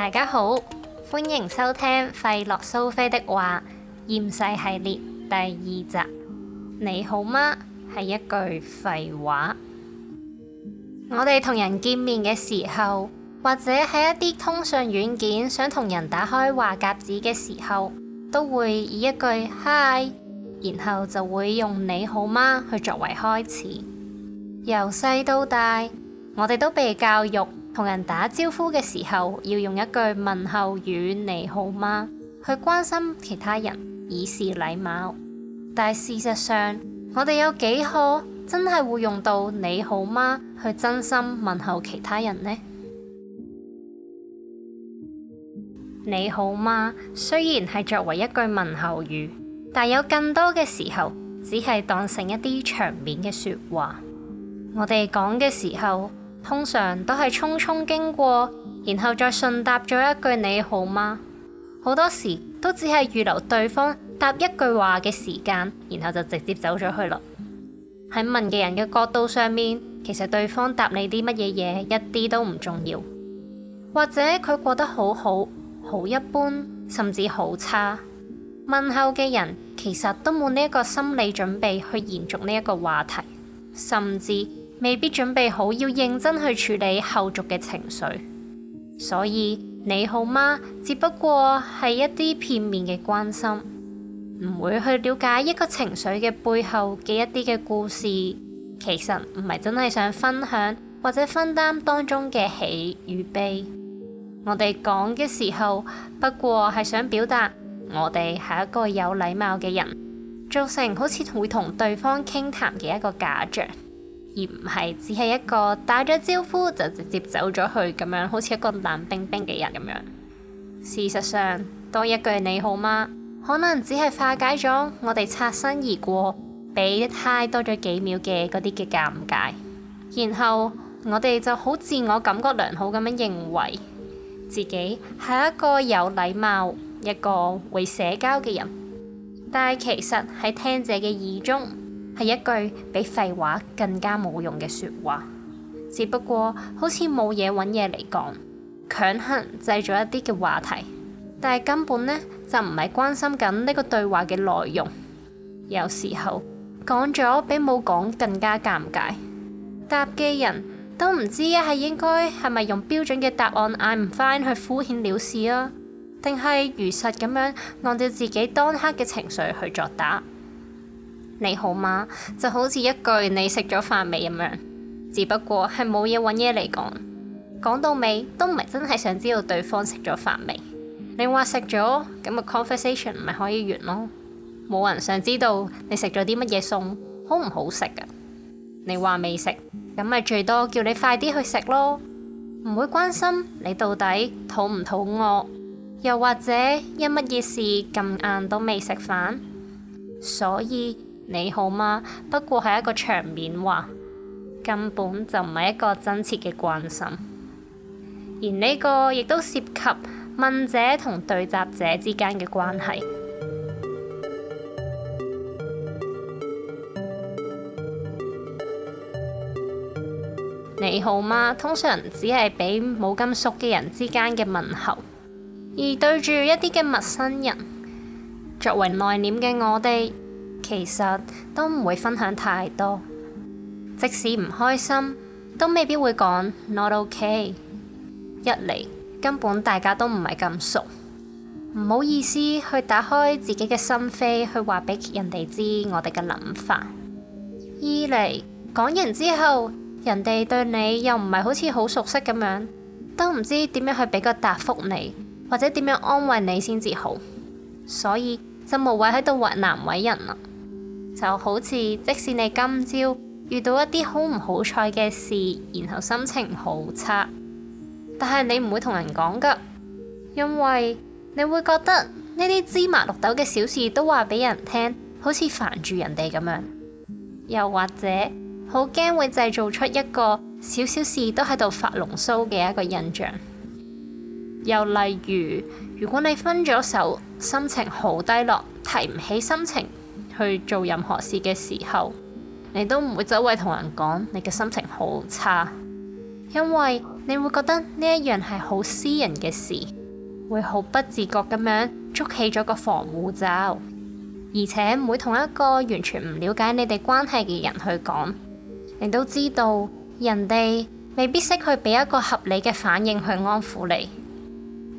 大家好，歡迎收聽費洛蘇菲的話厭世系列第二集。你好嗎？係一句廢話。我哋同人見面嘅時候，或者喺一啲通訊軟件想同人打開話匣子嘅時候，都會以一句嗨，然後就會用你好嗎去作為開始。由細到大，我哋都被教育。同人打招呼嘅時候，要用一句問候語“你好嗎”去關心其他人，以示禮貌。但事實上，我哋有幾可真係會用到“你好嗎”去真心問候其他人呢？“你好嗎”雖然係作為一句問候語，但有更多嘅時候，只係當成一啲場面嘅說話。我哋講嘅時候。通常都係匆匆經過，然後再順答咗一句你好嗎。好多時都只係預留對方答一句話嘅時間，然後就直接走咗去啦。喺問嘅人嘅角度上面，其實對方答你啲乜嘢嘢一啲都唔重要，或者佢過得好好、好一般，甚至好差。問候嘅人其實都冇呢一個心理準備去延續呢一個話題，甚至。未必準備好，要認真去處理後續嘅情緒，所以你好嗎？只不過係一啲片面嘅關心，唔會去了解一個情緒嘅背後嘅一啲嘅故事。其實唔係真係想分享或者分擔當中嘅喜與悲。我哋講嘅時候不過係想表達我哋係一個有禮貌嘅人，造成好似同會同對方傾談嘅一個假象。而唔係只係一個打咗招呼就直接走咗去咁樣，好似一個冷冰冰嘅人咁樣。事實上，多一句你好嗎，可能只係化解咗我哋擦身而過，比太多咗幾秒嘅嗰啲嘅尷尬，然後我哋就好自我感覺良好咁樣認為自己係一個有禮貌、一個會社交嘅人，但係其實喺聽者嘅耳中。係一句比廢話更加冇用嘅説話，只不過好似冇嘢揾嘢嚟講，強行製造一啲嘅話題，但係根本呢，就唔係關心緊呢個對話嘅內容。有時候講咗比冇講更加尷尬，答嘅人都唔知係應該係咪用標準嘅答案 I'm fine 去敷衍了事啊，定係如實咁樣按照自己當刻嘅情緒去作答？你好嗎？就好似一句你食咗飯未咁樣，只不過係冇嘢揾嘢嚟講。講到尾都唔係真係想知道對方食咗飯未。你話食咗咁個 conversation 咪可以完咯？冇人想知道你食咗啲乜嘢餸，好唔好食呀？你話未食咁咪最多叫你快啲去食咯，唔會關心你到底肚唔肚餓，又或者因乜嘢事咁晏都未食飯，所以。你好嗎？不過係一個場面話，根本就唔係一個真切嘅關心。而呢個亦都涉及問者同對答者之間嘅關係。 你好嗎？通常只係畀冇咁熟嘅人之間嘅問候，而對住一啲嘅陌生人，作為內斂嘅我哋。其實都唔會分享太多，即使唔開心都未必會講。Not OK。一嚟根本大家都唔係咁熟，唔好意思去打開自己嘅心扉去話俾人哋知我哋嘅諗法。二嚟講完之後，人哋對你又唔係好似好熟悉咁樣，都唔知點樣去俾個答覆你，或者點樣安慰你先至好，所以就無謂喺度話難為人啦。就好似，即使你今朝遇到一啲好唔好彩嘅事，然後心情好差，但係你唔會同人講噶，因為你會覺得呢啲芝麻綠豆嘅小事都話俾人聽，好似煩住人哋咁樣，又或者好驚會製造出一個少少事都喺度發龍騷嘅一個印象。又例如，如果你分咗手，心情好低落，提唔起心情。去做任何事嘅時候，你都唔會走位同人講你嘅心情好差，因為你會覺得呢一樣係好私人嘅事，會好不自覺咁樣築起咗個防護罩，而且唔會同一個完全唔了解你哋關係嘅人去講，你都知道人哋未必識去俾一個合理嘅反應去安撫你。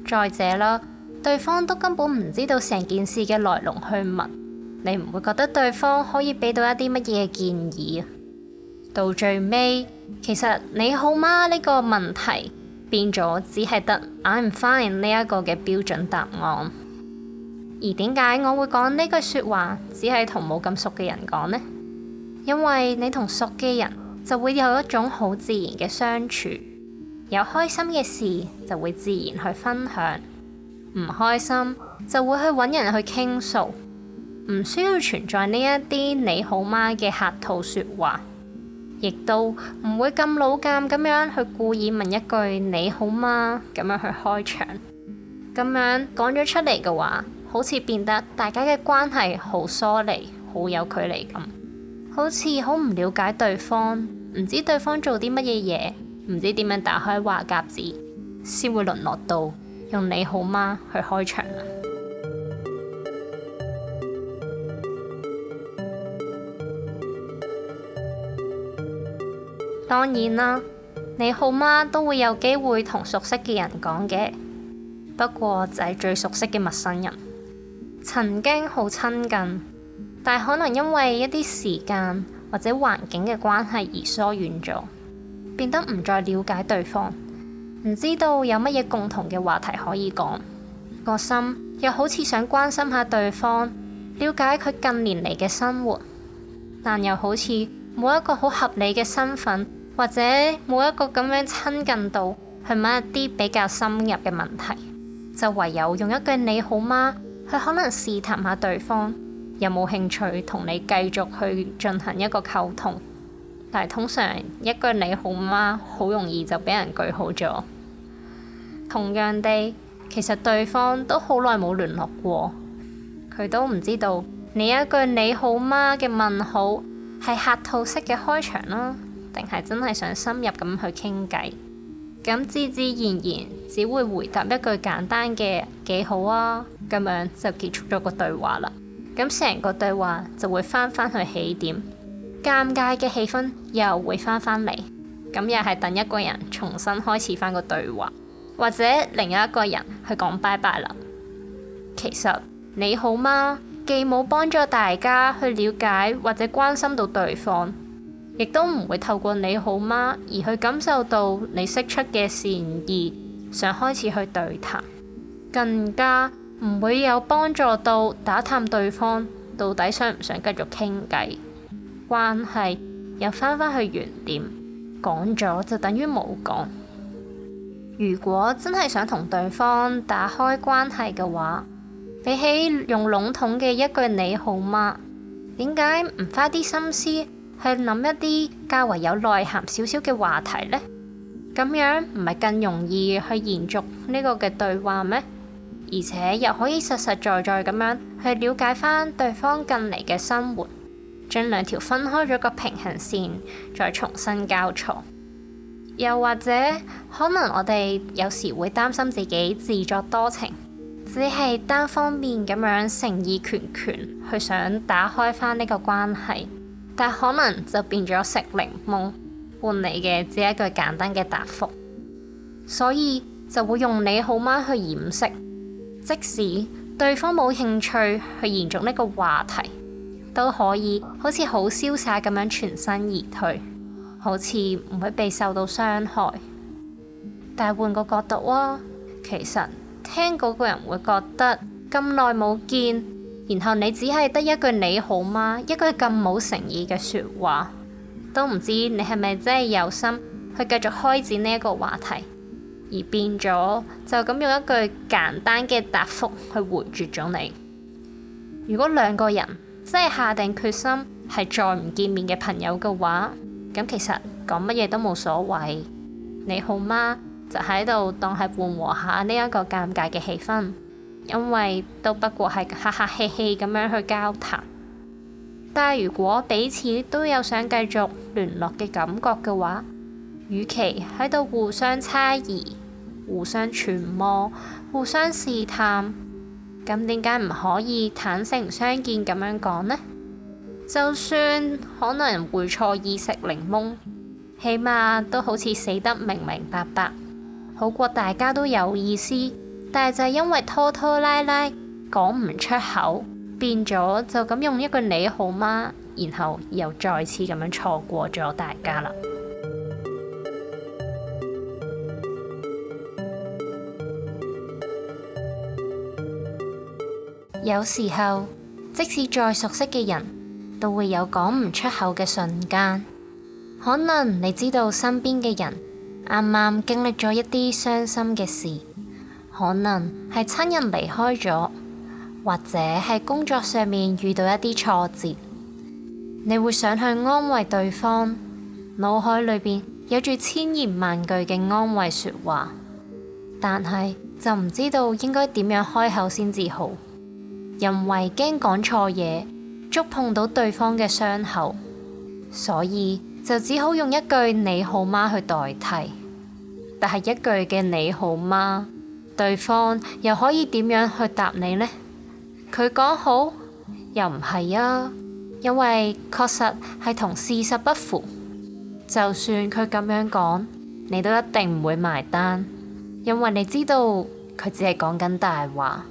再者啦，對方都根本唔知道成件事嘅來龍去脈。你唔會覺得對方可以俾到一啲乜嘢建議。到最尾，其實你好嗎呢個問題變咗，只係得 I'm fine 呢一個嘅標準答案。而點解我會講呢句説話，只係同冇咁熟嘅人講呢？因為你同熟嘅人就會有一種好自然嘅相處，有開心嘅事就會自然去分享，唔開心就會去揾人去傾訴。唔需要存在呢一啲你好嗎嘅客套説話，亦都唔會咁老尷咁樣去故意問一句你好嗎咁樣去開場。咁樣講咗出嚟嘅話，好似變得大家嘅關係好疏離、好有距離咁，好似好唔了解對方，唔知對方做啲乜嘢嘢，唔知點樣打開話匣子，先會淪落到用你好嗎去開場。當然啦，你好嗎都會有機會同熟悉嘅人講嘅。不過就係最熟悉嘅陌生人，曾經好親近，但可能因為一啲時間或者環境嘅關係而疏遠咗，變得唔再了解對方，唔知道有乜嘢共同嘅話題可以講。個心又好似想關心下對方，了解佢近年嚟嘅生活，但又好似冇一個好合理嘅身份，或者冇一個咁樣親近到去問一啲比較深入嘅問題，就唯有用一句你好嗎，去可能試探下對方有冇興趣同你繼續去進行一個溝通，但係通常一句你好嗎好容易就俾人句號咗。同樣地，其實對方都好耐冇聯絡過，佢都唔知道你一句你好嗎嘅問好係客套式嘅開場啦，定係真係想深入咁去傾偈，咁自自然然，只會回答一句簡單嘅幾好啊，咁樣就結束咗個對話啦。咁成個對話就會翻返去起點，尷尬嘅氣氛又會翻返嚟，咁又係等一個人重新開始翻個對話，或者另一個人去講拜拜啦。其實，你好嗎？既冇幫助大家去了解或者關心到對方。亦都唔會透過你好嗎而去感受到你釋出嘅善意，想開始去對談，更加唔會有幫助到打探對方到底想唔想繼續傾偈。關係又翻返去原點，講咗就等於冇講。如果真係想同對方打開關係嘅話，比起用籠統嘅一句你好嗎，點解唔花啲心思？去諗一啲較為有內涵少少嘅話題呢，咁樣唔係更容易去延續呢個嘅對話咩？而且又可以實實在在咁樣去了解翻對方近嚟嘅生活，將兩條分開咗個平行線，再重新交錯。又或者，可能我哋有時會擔心自己自作多情，只係單方面咁樣誠意拳拳去想打開翻呢個關係。但可能就變咗食檸檬，換你嘅只係一句簡單嘅答覆，所以就會用你好嗎去掩飾，即使對方冇興趣去延續呢個話題，都可以好似好瀟灑咁樣全身而退，好似唔會被受到傷害。但係換個角度啊、哦，其實聽嗰個人會覺得咁耐冇見。然後你只係得一句你好嗎，一句咁冇誠意嘅説話，都唔知你係咪真係有心去繼續開展呢一個話題，而變咗就咁用一句簡單嘅答覆去回絕咗你。如果兩個人真係下定決心係再唔見面嘅朋友嘅話，咁其實講乜嘢都冇所謂。你好嗎？就喺度當係緩和下呢一個尷尬嘅氣氛。因為都不過係客客氣氣咁樣去交談，但係如果彼此都有想繼續聯絡嘅感覺嘅話，與其喺度互相猜疑、互相揣摩、互相試探，咁點解唔可以坦誠相見咁樣講呢？就算可能會錯意食檸檬，起碼都好似死得明明白白，好過大家都有意思。但係就係因為拖拖拉拉講唔出口，變咗就咁用一個你好嗎，然後又再次咁樣錯過咗大家啦。 有時候，即使再熟悉嘅人都會有講唔出口嘅瞬間。可能你知道身邊嘅人啱啱經歷咗一啲傷心嘅事。可能係親人離開咗，或者係工作上面遇到一啲挫折，你會想去安慰對方，腦海裏邊有住千言萬句嘅安慰說話，但係就唔知道應該點樣開口先至好，因為驚講錯嘢觸碰到對方嘅傷口，所以就只好用一句你好嗎去代替，但係一句嘅你好嗎。對方又可以點樣去答你呢？佢講好，又唔係啊，因為確實係同事實不符。就算佢咁樣講，你都一定唔會埋單，因為你知道佢只係講緊大話。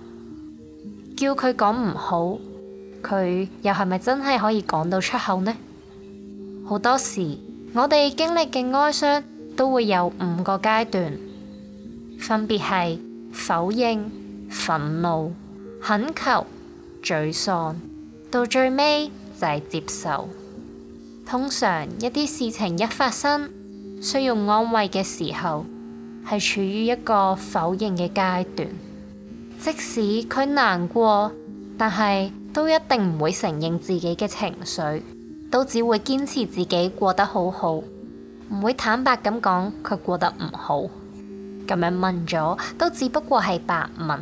叫佢講唔好，佢又係咪真係可以講到出口呢？好多時，我哋經歷嘅哀傷都會有五個階段，分別係：否認、憤怒、懇求、沮喪，到最尾就係接受。通常一啲事情一發生，需要安慰嘅時候，係處於一個否認嘅階段。即使佢難過，但係都一定唔會承認自己嘅情緒，都只會堅持自己過得好好，唔會坦白咁講佢過得唔好。咁樣問咗，都只不過係白問。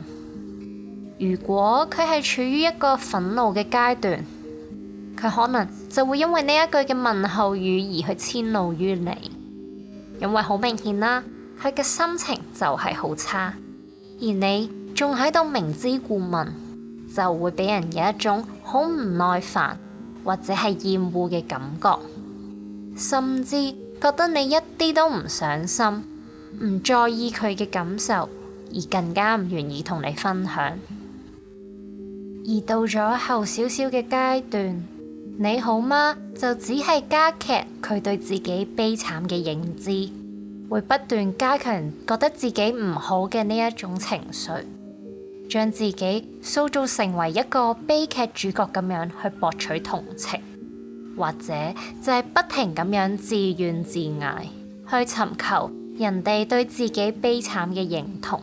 如果佢係處於一個憤怒嘅階段，佢可能就會因為呢一句嘅問候語而去遷怒於你，因為好明顯啦，佢嘅心情就係好差，而你仲喺度明知故問，就會俾人有一種好唔耐煩或者係厭惡嘅感覺，甚至覺得你一啲都唔上心。唔在意佢嘅感受，而更加唔願意同你分享。而到咗後少少嘅階段，你好嗎？就只係加劇佢對自己悲慘嘅認知，會不斷加強覺得自己唔好嘅呢一種情緒，將自己塑造成為一個悲劇主角咁樣去博取同情，或者就係不停咁樣自怨自艾，去尋求。人哋對自己悲慘嘅認同，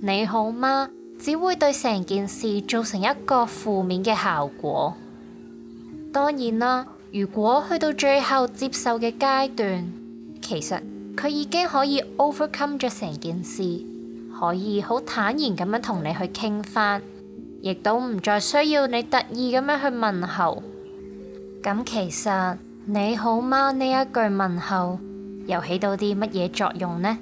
你好嗎？只會對成件事造成一個負面嘅效果。當然啦，如果去到最後接受嘅階段，其實佢已經可以 overcome 咗成件事，可以好坦然咁樣同你去傾翻，亦都唔再需要你特意咁樣去問候。咁其實你好嗎呢一句問候，又起到啲乜嘢作用呢？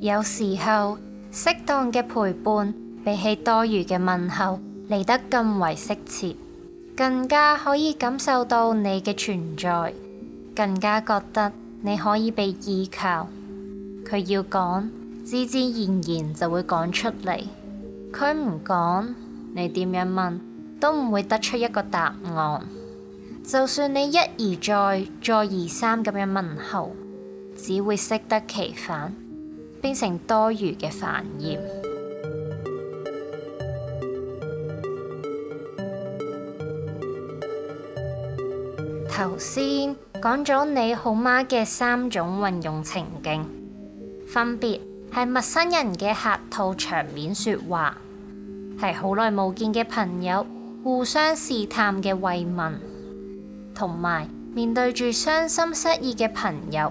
有時候適當嘅陪伴，比起多餘嘅問候，嚟得更為適切，更加可以感受到你嘅存在，更加覺得你可以被依靠。佢要講，自自然然就會講出嚟；佢唔講，你點樣問都唔會得出一個答案。就算你一而再、再而三咁樣問候，只會適得其反，變成多餘嘅煩厭。頭先講咗你好嗎嘅三種運用情景，分別係陌生人嘅客套場面說話，係好耐冇見嘅朋友互相試探嘅慰問，同埋面對住傷心失意嘅朋友，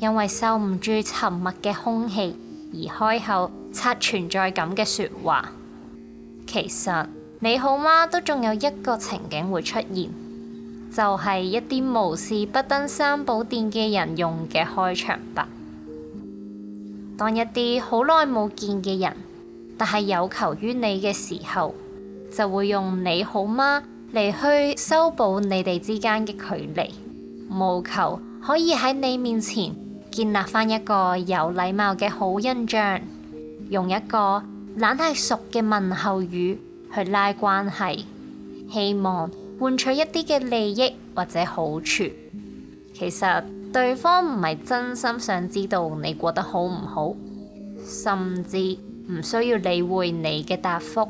因為受唔住沉默嘅空氣而開口刷存在感嘅說話。其實你好嗎都仲有一個情景會出現，就係一啲無事不登三寶殿嘅人用嘅開場白。當一啲好耐冇見嘅人，但係有求於你嘅時候，就會用你好嗎嚟去修補你哋之間嘅距離，務求可以喺你面前建立翻一個有禮貌嘅好印象，用一個懶係熟嘅問候語去拉關係，希望換取一啲嘅利益或者好處。其實對方唔係真心想知道你過得好唔好，甚至唔需要理會你嘅答覆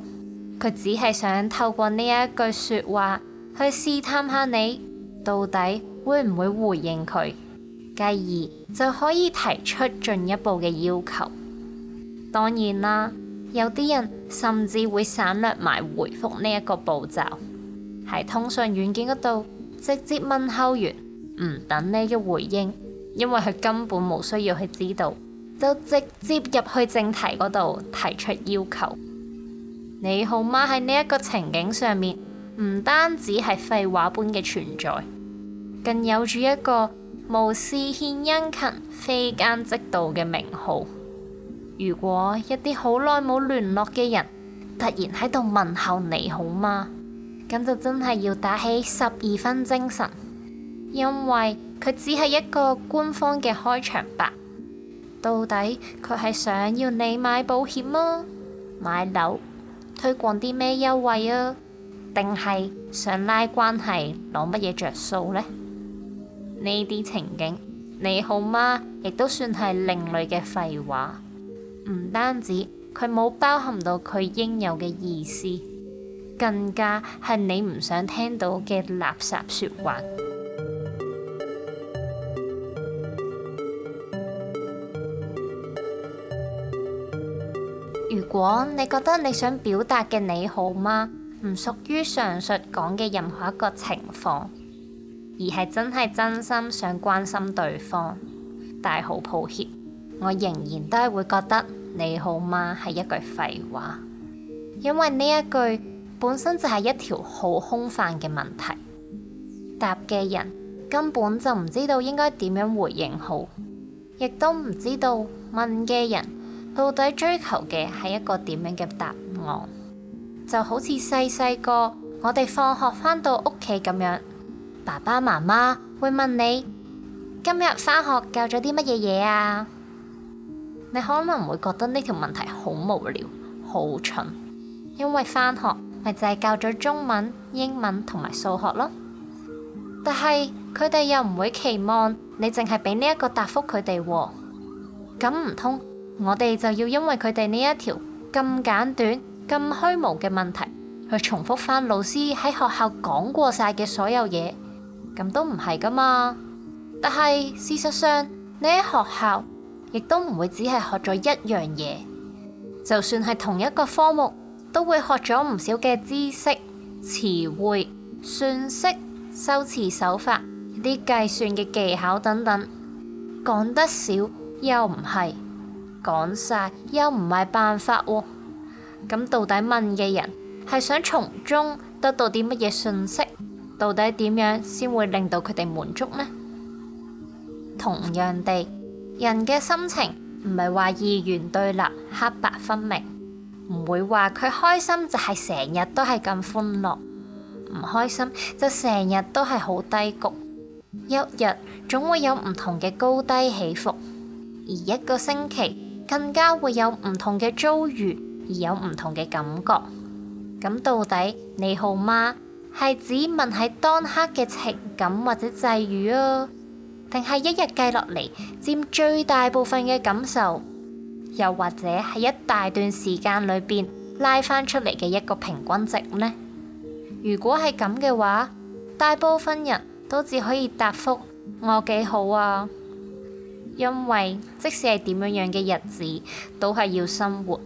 佢只係想透過呢一句說話去試探下你到底會唔會回應佢，繼而就可以提出進一步嘅要求。當然啦，有啲人甚至會省略埋回復呢一個步驟，喺通訊軟件嗰度直接問候完，唔等呢個回應，因為佢根本冇需要去知道，就直接入去正題嗰度提出要求。你好嗎？喺呢一個情景上面，唔單止係廢話般嘅存在，更有住一個無事獻殷勤、非奸即盜嘅名號。如果一啲好耐冇聯絡嘅人突然喺度問候你好嗎，咁就真係要打起十二分精神，因為佢只係一個官方嘅開場白。到底佢係想要你買保險嗎？買樓？推廣啲咩優惠啊？定係想拉關係攞乜嘢着數呢？呢啲情景，你好嗎？亦都算係另類嘅廢話，唔單止佢冇包含到佢應有嘅意思，更加係你唔想聽到嘅垃圾說話。如果你覺得你想表達嘅你好嗎，唔屬於上述講嘅任何一個情況，而係真係真心想關心對方，但係好抱歉，我仍然都係會覺得你好嗎係一句廢話，因為呢一句本身就係一條好空泛嘅問題，答嘅人根本就唔知道應該點樣回應好，亦都唔知道問嘅人。到底追求嘅係一個點樣嘅答案？就好似細細個我哋放學返到屋企咁樣，爸爸媽媽會問你今日返學教咗啲乜嘢嘢啊？你可能會覺得呢條問題好無聊、好蠢，因為返學咪就係教咗中文、英文同埋數學咯。但係佢哋又唔會期望你淨係俾呢一個答覆佢哋喎，咁唔通？我哋就要因為佢哋呢一條咁簡短、咁虛無嘅問題，去重複翻老師喺學校講過晒嘅所有嘢，咁都唔係噶嘛？但係事實上，你喺學校亦都唔會只係學咗一樣嘢，就算係同一個科目，都會學咗唔少嘅知識、詞彙、算式、修辭手法、啲計算嘅技巧等等。講得少又唔係。講晒又唔係辦法喎、啊，咁到底問嘅人係想從中得到啲乜嘢信息？到底點樣先會令到佢哋滿足呢？同樣地，人嘅心情唔係話二元對立、黑白分明，唔會話佢開心就係成日都係咁歡樂，唔開心就成日都係好低谷，一日總會有唔同嘅高低起伏，而一個星期。更加會有唔同嘅遭遇，而有唔同嘅感覺。咁到底你好嗎？係指問喺當刻嘅情感或者際遇啊，定係一日計落嚟佔最大部分嘅感受，又或者係一大段時間裏邊拉翻出嚟嘅一個平均值呢？如果係咁嘅話，大部分人都只可以答覆我幾好啊。因為即使係點樣樣嘅日子，都係要生活，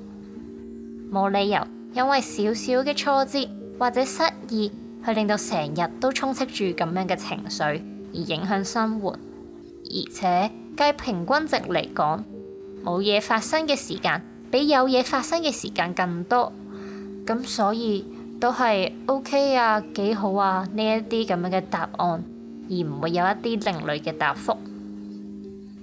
冇理由因為少少嘅挫折或者失意，去令到成日都充斥住咁樣嘅情緒而影響生活。而且計平均值嚟講，冇嘢發生嘅時間比有嘢發生嘅時間更多，咁所以都係 OK 啊，幾好啊呢一啲咁樣嘅答案，而唔會有一啲另類嘅答覆。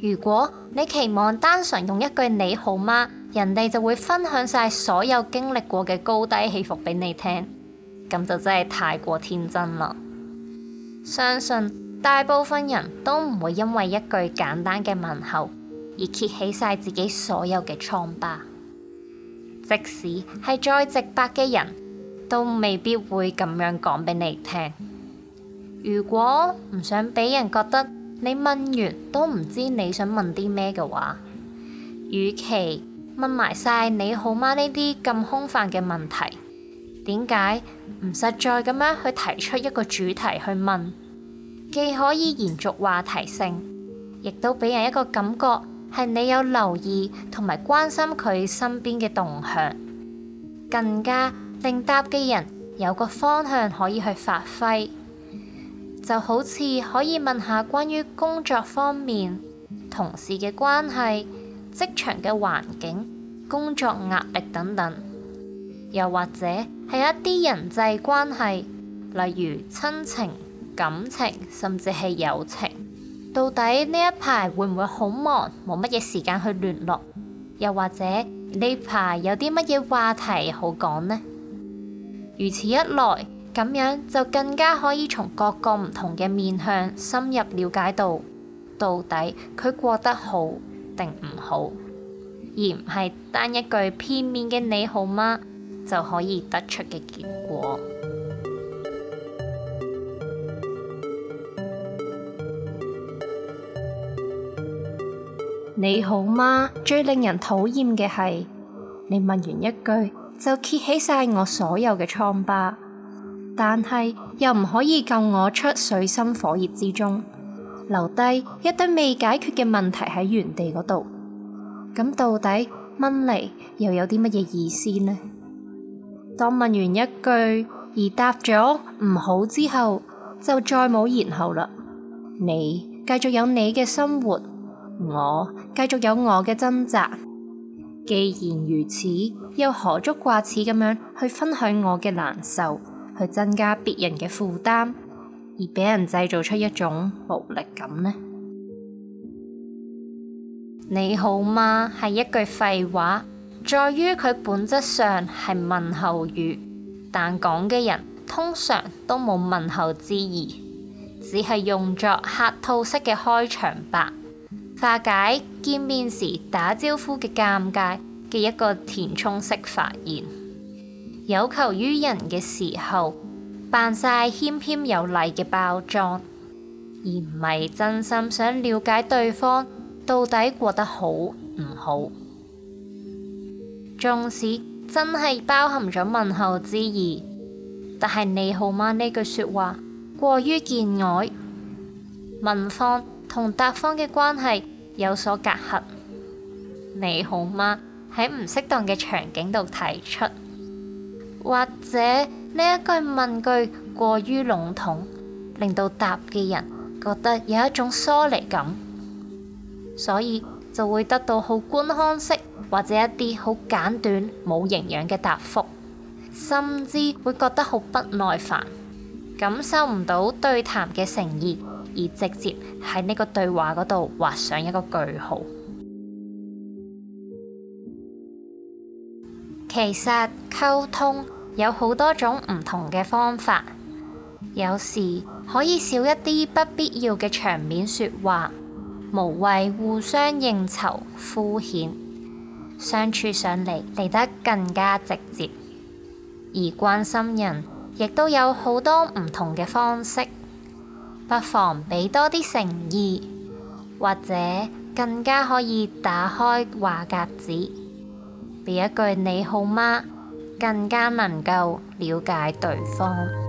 如果你期望單純用一句你好嗎，人哋就會分享晒所有經歷過嘅高低起伏俾你聽，咁就真係太過天真啦。相信大部分人都唔會因為一句簡單嘅問候而揭起晒自己所有嘅瘡疤，即使係再直白嘅人，都未必會咁樣講俾你聽。如果唔想俾人覺得，你問完都唔知你想問啲咩嘅話，與其問埋晒「你好嗎」呢啲咁空泛嘅問題，點解唔實在咁樣去提出一個主題去問，既可以延續話題性，亦都俾人一個感覺係你有留意同埋關心佢身邊嘅動向，更加令答嘅人有個方向可以去發揮。就好似可以問下關於工作方面、同事嘅關係、職場嘅環境、工作壓力等等，又或者係一啲人際關係，例如親情、感情，甚至係友情。到底呢一排會唔會好忙，冇乜嘢時間去聯絡？又或者呢排有啲乜嘢話題好講呢？如此一來。咁樣就更加可以從各個唔同嘅面向深入了解到到底佢過得好定唔好，而唔係單一句片面嘅你好嗎就可以得出嘅結果。你好嗎？最令人討厭嘅係你問完一句就揭起晒我所有嘅瘡疤。但係又唔可以救我出水深火熱之中，留低一堆未解決嘅問題喺原地嗰度。咁到底問嚟又有啲乜嘢意思呢？當問完一句而答咗唔好之後，就再冇然後啦。你繼續有你嘅生活，我繼續有我嘅掙扎。既然如此，又何足掛齒咁樣去分享我嘅難受？去增加別人嘅負擔，而俾人製造出一種無力感呢？你好嗎係一句廢話，在於佢本質上係問候語，但講嘅人通常都冇問候之意，只係用作客套式嘅開場白，化解見面時打招呼嘅尷尬嘅一個填充式發言。有求於人嘅時候，扮晒謙謙有禮嘅包裝，而唔係真心想了解對方到底過得好唔好。縱使真係包含咗問候之意，但係你好嗎呢句説話過於見外，問方同答方嘅關係有所隔閡。你好嗎喺唔適當嘅場景度提出。或者呢一句問句過於籠統，令到答嘅人覺得有一種疏離感，所以就會得到好官腔式或者一啲好簡短冇營養嘅答覆，甚至會覺得好不耐煩，感受唔到對談嘅誠意，而直接喺呢個對話嗰度畫上一個句號。其實溝通，有好多種唔同嘅方法，有時可以少一啲不必要嘅場面説話，無謂互相應酬敷衍，相處上嚟嚟得更加直接。而關心人亦都有好多唔同嘅方式，不妨俾多啲誠意，或者更加可以打開話匣子，俾一句你好嗎？更加能夠了解對方。